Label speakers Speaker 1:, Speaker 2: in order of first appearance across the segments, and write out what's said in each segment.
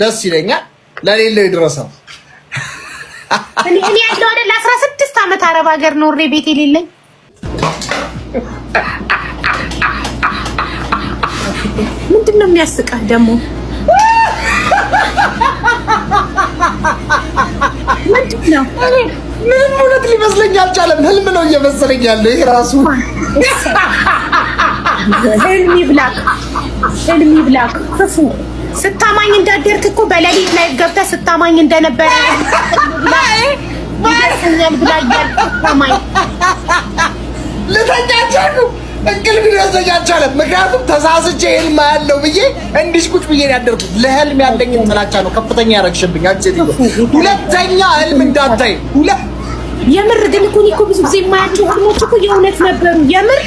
Speaker 1: ደስ ይለኛል። ለሌለው ይድረሰው።
Speaker 2: እኔ እኔ ያለው አይደል አስራ ስድስት ዓመት አረብ ሀገር ኖሬ ቤት የሌለኝ ምንድን ነው የሚያስቃል ደግሞ ምንድን ነው?
Speaker 1: ምንም እውነት ሊመስለኝ አልቻለም። ህልም ነው እየመሰለኝ ያለው ይሄ ራሱ
Speaker 2: ህልም ይብላክ፣ ህልም ይብላክ ክፉ ስታማኝ እንዳደርክ እኮ በሌሊት ላይ ገብተህ ስታማኝ እንደነበረ ይደርሰኛል ብላ
Speaker 1: እያልማኝ ልተኛቻሉ እንቅልፍ ሊወስደኝ አልቻለም። ምክንያቱም ተሳስቼ ህልም ያለው ብዬ እንዲሽ ቁጭ ብዬ ያደርኩት ለህልም ያለኝ ጥላቻ ነው ከፍተኛ ያረግሽብኝ። አንቺ ሁለተኛ ህልም እንዳታይ ሁለ
Speaker 2: የምር ግን እኮ እኔ እኮ ብዙ ጊዜ የማያቸው ህልሞች እኮ የእውነት ነበሩ። የምር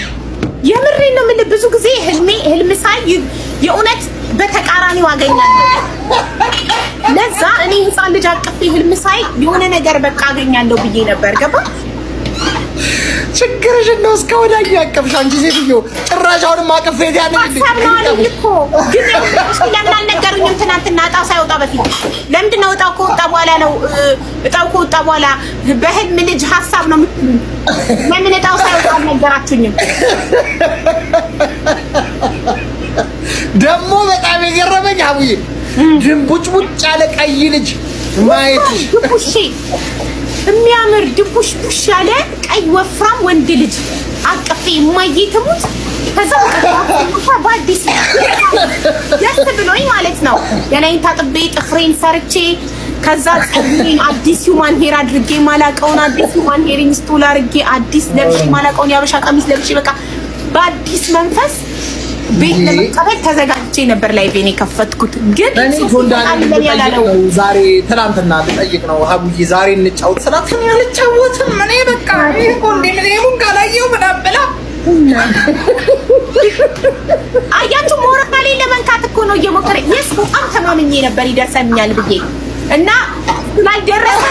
Speaker 2: የምር ነው የምልህ ብዙ ጊዜ ህልሜ ህልም ሳይ የእውነት በተቃራኒው አገኛለሁ። ለዛ እኔ ህፃን ልጅ አቅፍ ህልም ሳይ የሆነ ነገር በቃ አገኛለሁ ብዬ ነበር። ገባ
Speaker 1: ችግርሽ ነው። እስከ ወዲያ እያቀፍሽ አንቺ ሴትዮ ጭራሽ አሁንም አቅፍ ሄድ ያለ
Speaker 2: እኮ ግን ለምን አልነገሩኝም? ትናንትና እጣው ሳይወጣ በፊት ለምንድን ነው እጣው ከወጣ በኋላ ነው? እጣው ከወጣ በኋላ በህልም ልጅ ሀሳብ ነው። ለምን እጣው ሳይወጣ አልነገራችሁኝም?
Speaker 1: ደግሞ በጣም የገረመኝ አቡዬ ድንቡጭ ቡጭ ያለ ቀይ ልጅ
Speaker 2: ማየት ድቡሽ የሚያምር ድቡሽ ቡሽ ያለ ቀይ ወፍራም ወንድ ልጅ አቅፌ እማዬ ትሙት ከዛ በአዲስ ደስ ብሎኝ ማለት ነው። ገላይን ታጥቤ ጥፍሬን ሰርቼ ከዛ ጸጉሬን አዲስ ሂውማን ሄር አድርጌ ማላቀውን አዲስ ሂውማን ሄር ኢንስቶል አድርጌ አዲስ ለብሼ ማላቀውን ያበሻ ቀሚስ ለብሼ በቃ በአዲስ መንፈስ ቤት ለመቀበል ተዘጋጅቼ ነበር ላይ ቤን የከፈትኩት
Speaker 1: ግን ያላለው ዛሬ ትናንትና ልጠይቅ ነው። ሀቡዬ ዛሬ እንጫወት ስላት አልጫወትም እኔ በቃ ሚሊዮኑን ካላየው ምናምን ብላ
Speaker 2: አያችሁ፣ ሞራሌ ለመንካት እኮ ነው እየሞከረ የስ በጣም ተማምኜ ነበር ይደርሰኛል ብዬ እና ላልደረሰ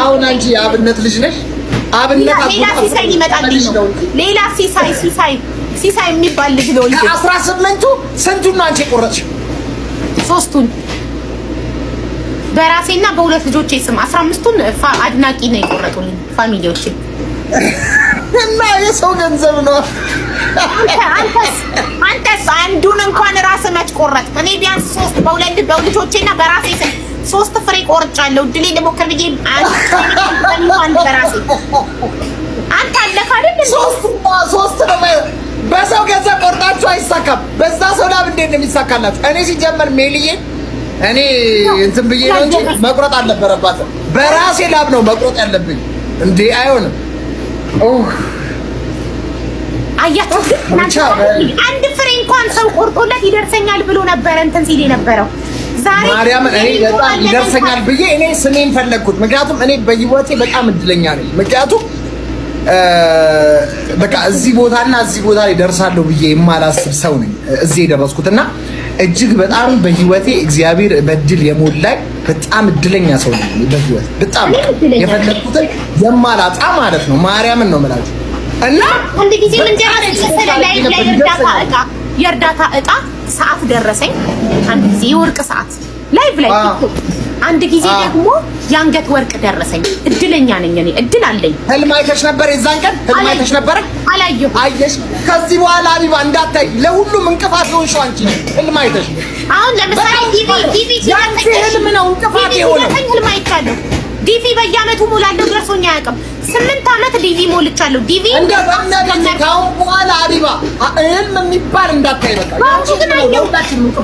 Speaker 1: አሁን አንቺ የአብነት ልጅ ነሽ። አብነት
Speaker 2: ሌላ ሲሳይ ሲሳይ ሲሳይ የሚባል ልጅ ነው።
Speaker 1: ከአስራ ስምንቱ ስንቱን ነው አንቺ የቆረጥሽው?
Speaker 2: ሶስቱን በራሴና በሁለት ልጆቼ ስም አስራ አምስቱን አድናቂ ነው የቆረጡልኝ ፋሚሊዎቼ
Speaker 1: እና የሰው ገንዘብ ነው።
Speaker 2: አንተስ አንዱን እንኳን ራስ መች ቆረጥ? እኔ ቢያንስ ሶስት በሁለት በልጆቼና በራሴ ስም ሶስት ፍሬ ቆርጫለሁ። ድሌ ልሞክር ብዬ አንድ በራሴ አንተ አለፈ አይደል?
Speaker 1: ሶስት ሶስት ነው። በሰው ገንዘብ ቆርጣችሁ አይሳካም። በዛ ሰው ላብ እንዴት ነው የሚሳካላችሁ? እኔ ሲጀመር ሜልዬ እኔ እንትን ብዬ ነው እንጂ መቁረጥ አልነበረባትም። በራሴ ላብ ነው መቁረጥ ያለብኝ። እንዴ አይሆንም።
Speaker 2: አያችሁ አንድ ፍሬ እንኳን ሰው ቆርጦለት ይደርሰኛል ብሎ ነበረ እንትን ሲል የነበረው
Speaker 1: ዛሬ እኔ በጣም ይደርሰኛል ብዬ እኔ ስሜን ፈለግኩት። ምክንያቱም እኔ በህይወቴ በጣም እድለኛ ነኝ። ምክንያቱም በቃ እዚህ ቦታና እዚህ ቦታ ላይ ደርሳለሁ ብዬ የማላስብ ሰው ነኝ። እዚህ የደረስኩት እና እጅግ በጣም በህይወቴ እግዚአብሔር በድል የሞላኝ በጣም እድለኛ ሰው ነኝ። በህይወት በጣም የፈለኩትን የማላጣ ማለት ነው። ማርያምን ነው የምላችሁ። እና
Speaker 2: አንድ ጊዜ ምን የእርዳታ እጣ ሰዓት ደረሰኝ። አንድ ጊዜ የወርቅ ሰዓት ላይቭ ላይ አንድ ጊዜ ደግሞ የአንገት ወርቅ ደረሰኝ። እድለኛ ነኝ እኔ፣ እድል አለኝ።
Speaker 1: ህልም አይተሽ ነበር? የዛን ቀን ህልም አይተሽ ነበር? አላየሁ። አየሽ። ከዚህ በኋላ አቢባ እንዳታይ፣ ለሁሉም እንቅፋት ነው አንቺ ህልም አይተሽ
Speaker 2: አሁን ለምሳሌ ዲቪ ዲቪ
Speaker 1: ህልም ነው እንቅፋት የሆነው ህልም
Speaker 2: አይቻለሁ። ዲቪ በየአመቱ ሞላለሁ ደርሶኝ አያውቅም። ስምንት አመት ዲቪ ሞልቻለሁ። ዲቪ
Speaker 1: እንደ ባናገኝ ካሁን በኋላ አሪባ ህልም የሚባል እንዳታይ በቃ
Speaker 2: ግን አየሁ።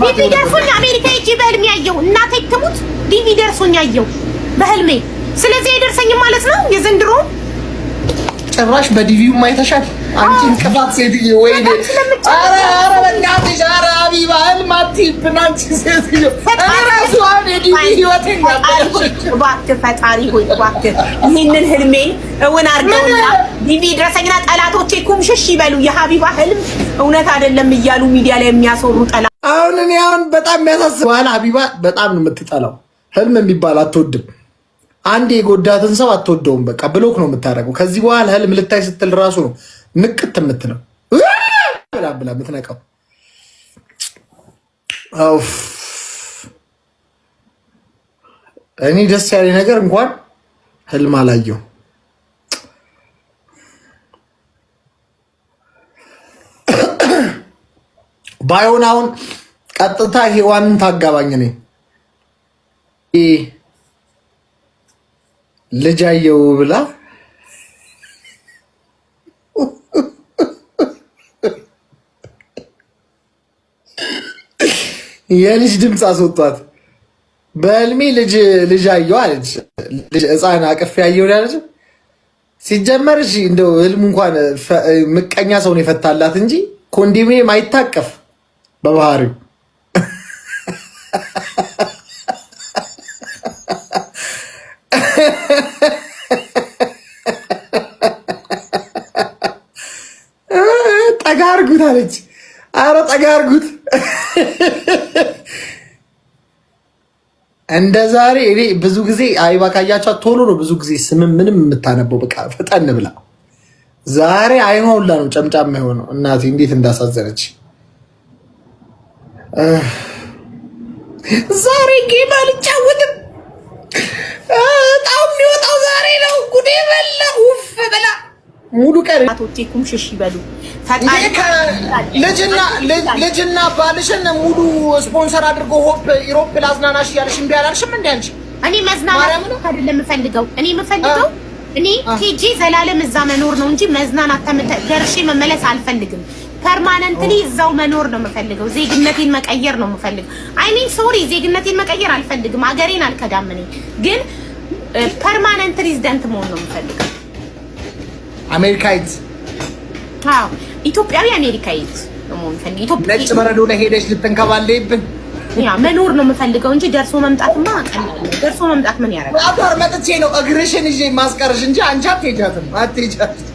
Speaker 2: ዲቪ ደርሶኝ አሜሪካ ሂጅ በህልሜ ያየው እናቴ ትሙት ዲቪ ደርሶኝ አየው በህልሜ። ስለዚህ አይደርሰኝም ማለት ነው የዘንድሮ
Speaker 1: ጭራሽ በዲቪው ማይተሻል አንቺ እንቅፋት ሴትዬ፣ ወይኔ! ኧረ ኧረ በእናትሽ ኧረ ሀቢባ ህልም አትይብን አንቺ ሴትዬ። እራሱ ዲዲ ህይወቴን
Speaker 2: እባክህ ፈጣሪ ሆይ እባክህ ይህንን ህልሜን እውን አድርገውና ዲቪ ድረሰኝና ጠላቶቼ ኩምሽሽ ይበሉ። የሀቢባ ህልም እውነት አይደለም እያሉ ሚዲያ ላይ የሚያስወሩ ጠላት።
Speaker 1: አሁን እኔ አሁን በጣም የሚያሳስበዋል። ሀቢባ በጣም ነው የምትጠላው። ህልም የሚባል አትወድም። አንድ የጎዳትን ሰው አትወደውም። በቃ ብሎክ ነው የምታደርገው። ከዚህ በኋላ ህልም ልታይ ስትል ራሱ ነው ንቅት የምትለው ብላ ብላ የምትነቀው እኔ ደስ ያለ ነገር እንኳን ህልም አላየው። ባይሆን አሁን ቀጥታ ሔዋንን ታጋባኝ ነኝ ልጃየው ብላ የልጅ ድምፅ አስወጧት። በህልሜ ልጅ ልጅ አየሁ አለች። ልጅ ህፃን አቅፍ ያየሁ ያለች። ሲጀመር እሺ እንደው ህልሙ እንኳን ምቀኛ ሰውን የፈታላት እንጂ ኮንዶሚኒየም አይታቀፍ በባህሪው ጠጋ አርጉት አለች። አረ ጠጋ አርጉት እንደ ዛሬ እኔ ብዙ ጊዜ አይባ ካያቻት ቶሎ ነው ብዙ ጊዜ ስምም ምንም የምታነበው በቃ ፈጠን ብላ። ዛሬ አይኗ ሁላ ነው ጨምጫማ የሆነው። እናቴ እንዴት እንዳሳዘነች
Speaker 2: ዛሬ ጌም አልጫወትም። በጣም የሚወጣው ዛሬ ነው ጉዴ በላ ውፍ በላ ሙሉ ቀን አቶቴኩም ሽሽ ይበሉ።
Speaker 1: ልጅና ባልሽን ሙሉ ስፖንሰር አድርጎ ሆፕ ኢሮፕ ላዝናናሽ እያለሽ እምቢ አላልሽም። እንደ አንቺ
Speaker 2: እኔ መዝናናት አይደለም የምፈልገው እኔ የምፈልገው እኔ ኬጂ ዘላለም እዛ መኖር ነው እንጂ መዝናናት ደርሼ መመለስ አልፈልግም። ፐርማነንትሊ እዛው መኖር ነው የምፈልገው። ዜግነቴን መቀየር ነው የምፈልገው። አይ ሚን ሶሪ ዜግነቴን መቀየር አልፈልግም። አገሬን አልከዳም። እኔ ግን ፐርማነንት ሬዚደንት መሆን ነው የምፈልገው። አሜሪካዊት ኢትዮጵያዊ አሜሪካዊት
Speaker 1: ነጭ በረዶ ላይ ሄደች ልትንከባለይብን
Speaker 2: መኖር ነው የምፈልገው እንጂ ደርሶ መምጣትማ ቀላል ነው። ደርሶ መምጣት ምን ያደርጋል?
Speaker 1: አቷር መጥቼ ነው እግርሽን ይዤ ማስቀርሽ እንጂ አንቺ አትሄጃትም፣ አትሄጃትም።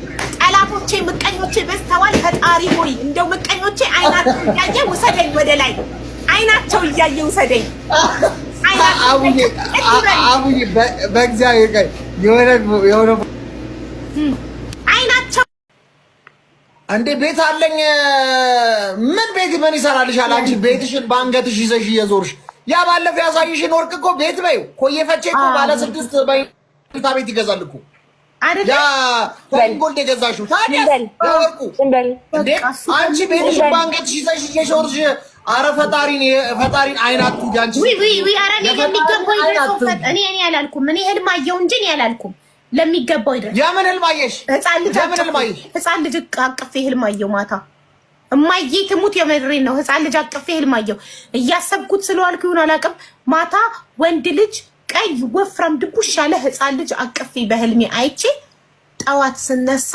Speaker 2: ጠላቶቼ ምቀኞቼ በስተዋል። ፈጣሪ ሆይ እንደው ምቀኞቼ አይናቸው እያየ ውሰደኝ ወደ ላይ፣ አይናቸው እያየ ውሰደኝ።
Speaker 1: አቡዬ አቡዬ በእግዚአብሔር ቀን የሆነ የሆነ እንዴ ቤት አለኝ። ምን ቤት ምን ይሰራልሻል? አንቺ ቤትሽን በአንገትሽ ይዘሽ እየዞርሽ ያ ባለፈው ያሳይሽን ወርቅ እኮ ቤት በይ እኮ እኮ ባለ ስድስት በይታ ቤት ይገዛል እኮ ጎልድ የገዛሽው ታዲያ ወርቁ አንቺ በአንገትሽ ይዘሽ አረ ፈጣሪን ፈጣሪን አይናቱ
Speaker 2: ያንቺ እኔ እኔ አላልኩም። እኔ ህልም እንጂ እኔ አላልኩም። ለሚገባው ይድረስ።
Speaker 1: የምን ህልም አየሽ? ህፃን ልጅ
Speaker 2: አቅፌ ህልም አየሁ ማታ። እማዬ ትሙት የመድሬን ነው። ህፃን ልጅ አቅፌ ህልም አየሁ። እያሰብኩት ስለዋልኩ ይሁን አላውቅም። ማታ ወንድ ልጅ ቀይ ወፍራም ድቡሽ ያለ ህፃን ልጅ አቅፌ በህልሜ አይቼ ጠዋት ስነሳ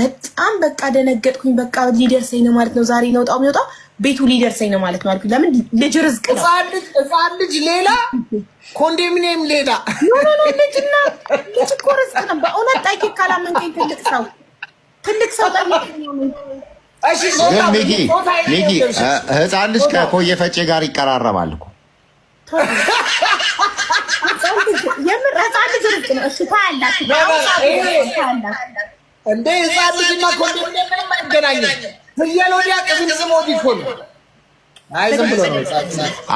Speaker 2: በጣም በቃ ደነገጥኩኝ። በቃ ሊደርሰኝ ነው ማለት ነው። ዛሬ ነው ጣው የሚወጣው ቤቱ ሊደርሰኝ ነው ማለት ነው አልኩኝ። ለምን ልጅ ርዝቅ
Speaker 1: ነው፣ ህፃን ልጅ ሌላ፣ ኮንዶሚኒየም ሌላ።
Speaker 2: ልጅና ልጅ እኮ ርዝቅ ነው። በእውነት ጠይቄ ካላመንከኝ ትልቅ ሰው ትልቅ ሰው
Speaker 1: ሚኪ፣ ህፃን ልጅ ከኮየ ፈጬ ጋር ይቀራረባል እኮ
Speaker 2: የምር ህፃን ልጅ ርዝቅ ነው። እሱ ታያላችሁ
Speaker 1: እንደ ህፃን ልጅና ኮንዶሚኒየም ምንም አይገናኝም። ፍየል ወዲያ ቅዝቅዝም ወዲህ እኮ ነው።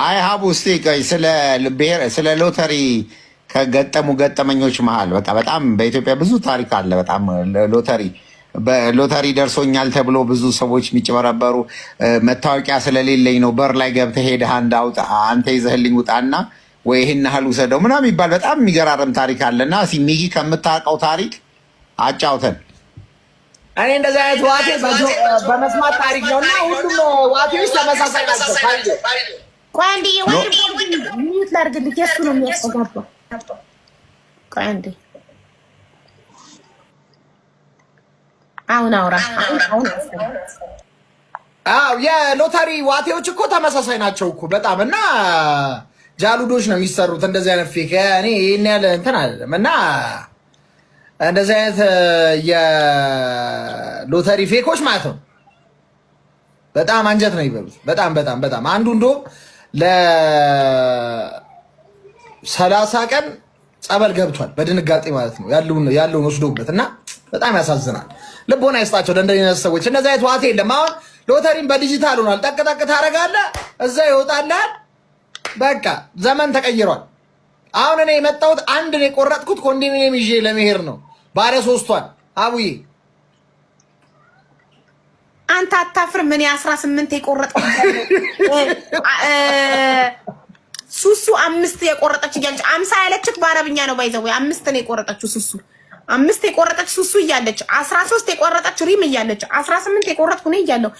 Speaker 1: አይ ሀቡ እስኪ ስለ ስለ ሎተሪ ከገጠሙ ገጠመኞች መሀል በቃ በጣም በኢትዮጵያ ብዙ ታሪክ አለ። በጣም ሎተሪ በሎተሪ ደርሶኛል ተብሎ ብዙ ሰዎች የሚጭበረበሩ መታወቂያ ስለሌለኝ ነው በር ላይ ገብተህ ሄደህ አንድ አውጣ አንተ ይዘህልኝ ውጣና ወይ ይህን ያህል ውሰደው ምናምን የሚባል በጣም የሚገራርም ታሪክ አለና ሚኪ ከምታውቀው ታሪክ አጫውተን። እኔ እንደዚህ አይነት ዋቴ በመስማት ታሪክ ነው እና ሁሉም ዋቴዎች ተመሳሳይ ናቸው።
Speaker 2: ቆንዲዬ ሚዩት ላድርግልህ። የእሱ ነው የሚያስተጋባው። ቆንዲ አሁን አውራ አሁን
Speaker 1: አዎ፣ የሎተሪ ዋቴዎች እኮ ተመሳሳይ ናቸው እኮ በጣም እና ጃሉዶች ነው የሚሰሩት እንደዚህ አይነት ፌክ እኔ ይህን ያለ እንትን አይደለም እና እንደዚህ አይነት የሎተሪ ፌኮች ማለት ነው። በጣም አንጀት ነው ይበሉት። በጣም በጣም በጣም አንዱ እንደውም ለሰላሳ ቀን ጸበል ገብቷል በድንጋጤ ማለት ነው ያለውን ያለውን ወስዶበት እና በጣም ያሳዝናል። ልቦና ይስጣቸው ለእንደዚህ አይነት ሰዎች። እንደዚህ አይነት ዋት የለም። አሁን ሎተሪን በዲጂታል ሆኗል። ጠቅጠቅ ታደርጋለህ፣ እዛ ይወጣልሃል። በቃ ዘመን ተቀይሯል። አሁን እኔ የመጣሁት ነው የቆረጥኩት ኮንዶሚኒየም ይዤ ለመሄድ ነው። ባለ ሶስቷን አቡዬ
Speaker 2: አንተ አታፍርም? እኔ አስራ ስምንት የቆረጥኩት ሱሱ አምስት የቆረጠች እያለች አምሳ ያለችት በአረብኛ ነው ባይዘው አምስት ነው የቆረጠችው ሱሱ አምስት የቆረጠች ሱሱ እያለች አስራ ሶስት የቆረጠች ሪም እያለች አስራ ስምንት የቆረጥኩ እኔ እያለሁ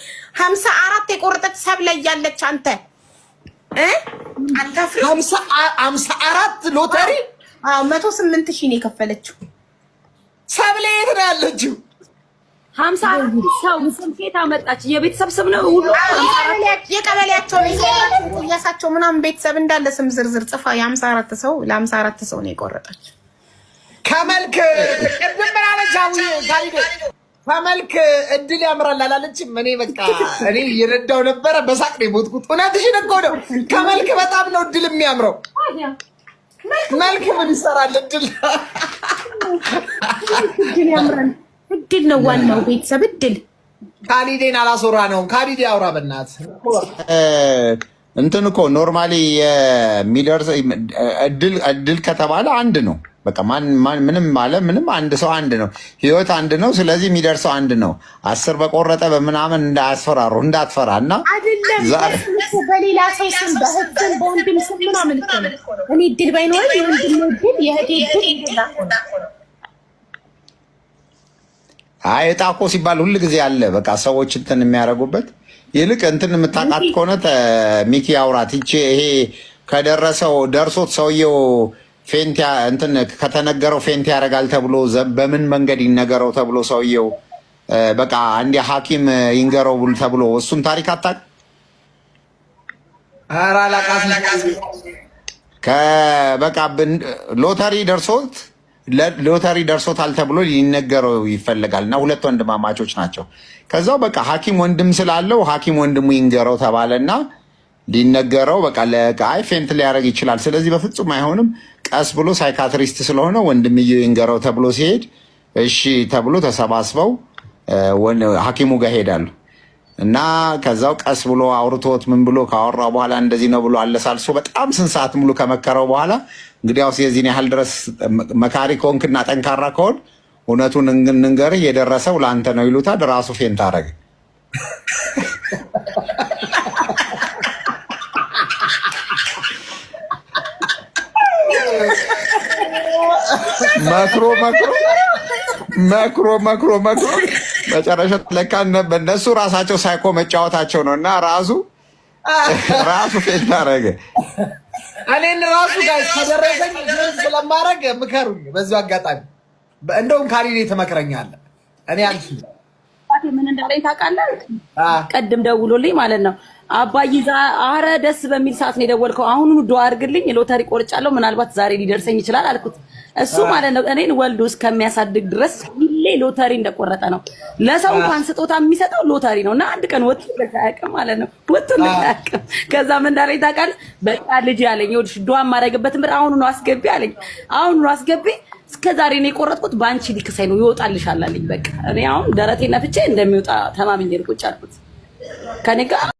Speaker 2: ሀምሳ አራት የቆረጠች ሰብለ እያለች አንተ
Speaker 1: አምሳ አራት ሎተሪ
Speaker 2: መቶ ስምንት ሺህ ነው የከፈለችው።
Speaker 1: ሰብሌ የት ነው ያለችው?
Speaker 2: ሀምሳ አራት ሰው ስም አመጣች። የቤተሰብ ስም ነው ሁሉ የቀበሌያቸው ምናምን ቤተሰብ እንዳለ ስም ዝርዝር ጽፋ የሀምሳ አራት ሰው ለሀምሳ አራት ሰው ነው የቆረጠች።
Speaker 1: ከመልክ ቅድም ምን አለች? ከመልክ እድል ያምራል አላለችም። እኔ በቃ እኔ እየረዳው ነበረ በሳቅ ነው የሞትኩት። እውነትሽን እኮ ነው። ከመልክ በጣም ነው እድል የሚያምረው። መልክ ምን ይሰራል? እድል
Speaker 2: እድል ነው ዋናው። ቤተሰብ እድል
Speaker 1: ካሊዴን አላስወራ ነው። ካሊዴ አውራ በናት እንትን እኮ ኖርማሊ የሚደርስ እድል ከተባለ አንድ ነው በቃ ማን ምንም አለ ምንም አንድ ሰው አንድ ነው። ህይወት አንድ ነው። ስለዚህ የሚደርሰው አንድ ነው። አስር በቆረጠ በምናምን እንዳያስፈራሩ እንዳትፈራ እና
Speaker 2: በሌላ ሰው ስም በህትም በወንድም ስም ምናምን እኔ ድል ባይኖረ የወንድም ድል የህቴ ድል
Speaker 1: አይ ዕጣ እኮ ሲባል ሁል ጊዜ አለ። በቃ ሰዎች እንትን የሚያደርጉበት ይልቅ እንትን የምታውቃት ከሆነ ሚኪ አውራት ይቼ ይሄ ከደረሰው ደርሶት ሰውየው እንትን ከተነገረው ፌንት ያደርጋል ተብሎ በምን መንገድ ይነገረው ተብሎ ሰውየው በቃ አንድ ሐኪም ይንገረው ተብሎ እሱን ታሪክ አታቅ በቃ ሎተሪ ደርሶት ሎተሪ ደርሶታል ተብሎ ሊነገረው ይፈልጋል። እና ሁለት ወንድማማቾች ናቸው። ከዛው በቃ ሐኪም ወንድም ስላለው ሐኪም ወንድሙ ይንገረው ተባለ እና ሊነገረው በቃ ለቃይ ፌንት ሊያደርግ ይችላል። ስለዚህ በፍጹም አይሆንም። ቀስ ብሎ ሳይካትሪስት ስለሆነ ወንድምዬ ይንገረው ተብሎ ሲሄድ እሺ ተብሎ ተሰባስበው ሐኪሙ ጋር ሄዳሉ እና ከዛው ቀስ ብሎ አውርቶት ምን ብሎ ካወራው በኋላ እንደዚህ ነው ብሎ አለሳልሶ በጣም ስንት ሰዓት ሙሉ ከመከረው በኋላ እንግዲያውስ የዚህን ያህል ድረስ መካሪ ከሆንክና ጠንካራ ከሆን እውነቱን እንንገርህ የደረሰው ለአንተ ነው ይሉታል። ራሱ ፌንት አረግ መክሮ መክሮ መክሮ መክሮ መክሮ መጨረሻ ለካ እነሱ ራሳቸው ሳይኮ መጫወታቸው ነው። እና ራሱ ራሱ ፌል ታረገ። እኔን ራሱ ጋር ከደረሰኝ ስለማረግ ምከሩኝ። በዚሁ አጋጣሚ እንደውም ካሪኔ ትመክረኛለህ። እኔ አልሽ
Speaker 2: ምን እንዳለኝ ታውቃለህ? ቀድም ደውሎልኝ ማለት ነው አባይዛ አረ ደስ በሚል ሰዓት ነው የደወልከው። አሁኑኑ ዱአ አድርግልኝ ሎተሪ ቆርጫለሁ፣ ምናልባት ዛሬ ሊደርሰኝ ይችላል አልኩት። እሱ ማለት ነው እኔን ወልዶ እስከሚያሳድግ ድረስ ሁሌ ሎተሪ እንደቆረጠ ነው። ለሰው እንኳን ስጦታ የሚሰጠው ሎተሪ ነው እና አንድ ቀን ወጥቶ ለታቀም ማለት ነው ወጥቶ ለታቀም። ከዛ ምን እንዳለኝ ታውቃለህ? በቃ ልጅ ያለኝ ይኸውልሽ፣ ዱአ የማደርግበት ብር አሁኑኑ አስገቢ አለኝ። አሁኑኑ አስገቢ እስከዛሬ ነው የቆረጥኩት፣ በአንቺ ሊክሳይ ነው ይወጣልሻል አለኝ። በቃ እኔ አሁን ደረቴ ነፍቼ እንደሚወጣ ተማምኜ ቁጭ አልኩት ከኔ ጋር